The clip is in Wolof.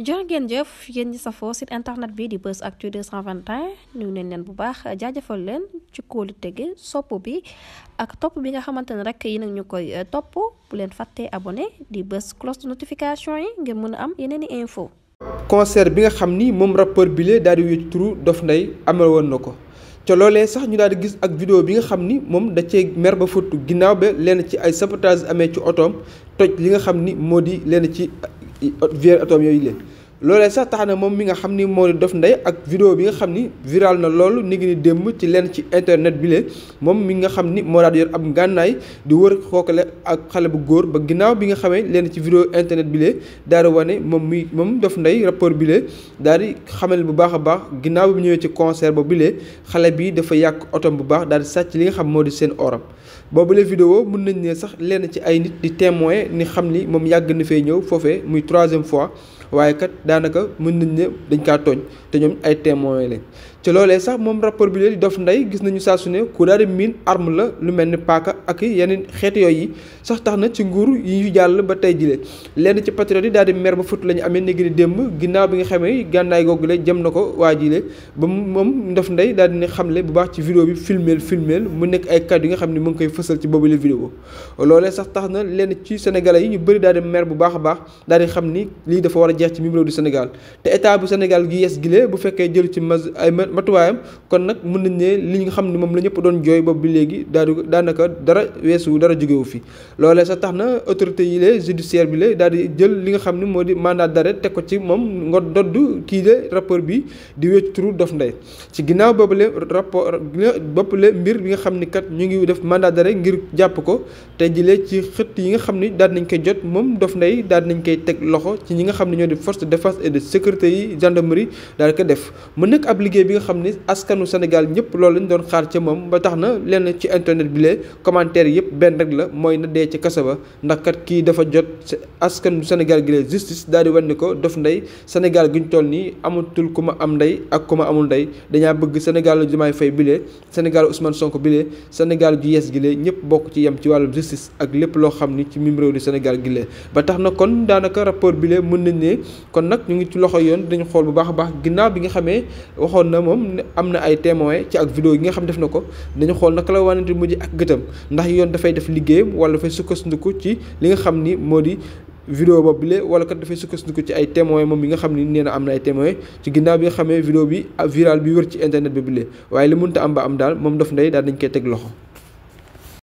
jërë ngeen jëf yéen ñi safoo site internet bi di Buzz Actu 221 ñu neen bu baax jaajëfal leen ci kóolu tege sopp bi ak topp bi nga xamante ne rek yi nag ñu koy eh, topp bu leen fàttee abone di bës cloche de notification yi ngir mën a am yeneen i info concert bi nga xam ni moom rapport bi lee daal di wécc turu Dof Ndeye amal woon na ko ca loolee sax ñu daal di gis ak vidéo bi nga xam ni moom da cee mer ba fottu ginnaaw ba lenn ci ay sabotage amee ci otoom toj li nga xam ni moo di lenn ci vieille atome yooyu leen loolee sax tax na moom mi nga xam ni moo ni Dof Ndeye ak vidéo bi nga xam ni viral na loolu ni ngi ni démb ci leen ci internet bi moom mi nga xam ni moo daal yor ab ngànnaay di wër kookale ak xale bu góor ba ginnaaw bi nga xamee lenn ci vidéo internet bi lee daal wane moom mi moom Dof Ndeye rapport bi lee daal di xamal bu baax a baax ginnaaw bi ñëwee ci conserve ba xale bi dafa yàq otom bu baax daal di sàcc li nga xam moo di seen orop boobu la mun mën nañ ne sax lenn ci ay nit di témoin ni xam ni moom yàgg na fee ñëw foofee muy troisième fois waaye kat daanaka mën nañ ne dañ kaa tooñ te ñoom ay témoin lañ ci loolee sax moom rapport bi lee di Dof Ndeye gis nañu saa su ne ku daal miin arme la lu mel ni paaka ak yeneen xeet yooyu sax tax na ci nguur yi ñu jàll ba tey jile lenn ci patriote yi daal di mer ba fut la ñu amee ni ngi di démb ginnaaw bi nga xamee gànnaay googu la jëm na ko waa jile ba moom Dof Ndeye daal di xamle bu baax ci vidéo bi filmeel filmeel mu nekk ay kàddu yi nga xam ne mu ngi koy fësal ci boobu la vidéo loolee sax tax na lenn ci senegal yi ñu bëri daal di mer bu baax baax daal xam ni lii dafa war jeex ci mim réew du Sénégal te état bu Sénégal gi yes gile bu fekkee jël ci ay matuwaayam kon nag mën nañ ne li nga xam ne moom la ñëpp doon jooy bi léegi daadu daanaka dara weesu dara jógewu fi loole sa tax na autorité yi lee judiciaire bi lee daal di jël li nga xam ne moo di mandaa d'arrêt teg ko ci moom nga dodd kii de rapport bi di wécc turu Dof Ndeye ci ginnaaw boobule rapport boppale mbir bi nga xam ni kat ñu ngi def mandaa d'arrêt ngir jàpp ko te jële ci xët yi nga xam ni daal nañ koy jot moom Dof ndey daal nañ koy teg loxo ci ñi nga xam ne ñoo di force de défense et de sécurité yi gendarmerie ko def mu xam ni askanu Sénégal ñëpp loolu lañ doon xaar ca moom ba tax na lenn ci internet bi lee commentaire yëpp benn rek la mooy na dee ci kasa ba ndax kat kii dafa jot askanu Sénégal gi lee justice daal di wan ni ko dof ndey Sénégal gi ñu toll nii amatul ku ma am ndey ak ku ma amul ndey dañaa bëgg Sénégal la Diomaye Faye bi lee Sénégal Ousmane Sonko bi lee Sénégal ju yees gi lee ñëpp bokk ci yem ci wàllu justice ak lépp loo xam ni ci mim di Sénégal gi ba tax na kon daanaka rapport bi lee mën nañ ne kon nag ñu ngi ci loxo yoon dañu xool bu baax a baax ginnaaw bi nga xamee waxoon moom am na ay témoins ci ak vidéo yi nga xam def na ko dañu xool naka la wanante mujj ak gëtam ndax yoon dafay def liggéeyam wala dafay sukkandiku ci li nga xam ni moo di vidéo ba bile wala kat dafay sukkandiku ci ay témoins moom yi nga xam ni nee na am na ay témoins ci ginnaaw bi nga xamee vidéo bi viral bi wër ci internet ba bile waaye li mënta am ba am daal moom Dof Ndeye daal dañ koy teg loxo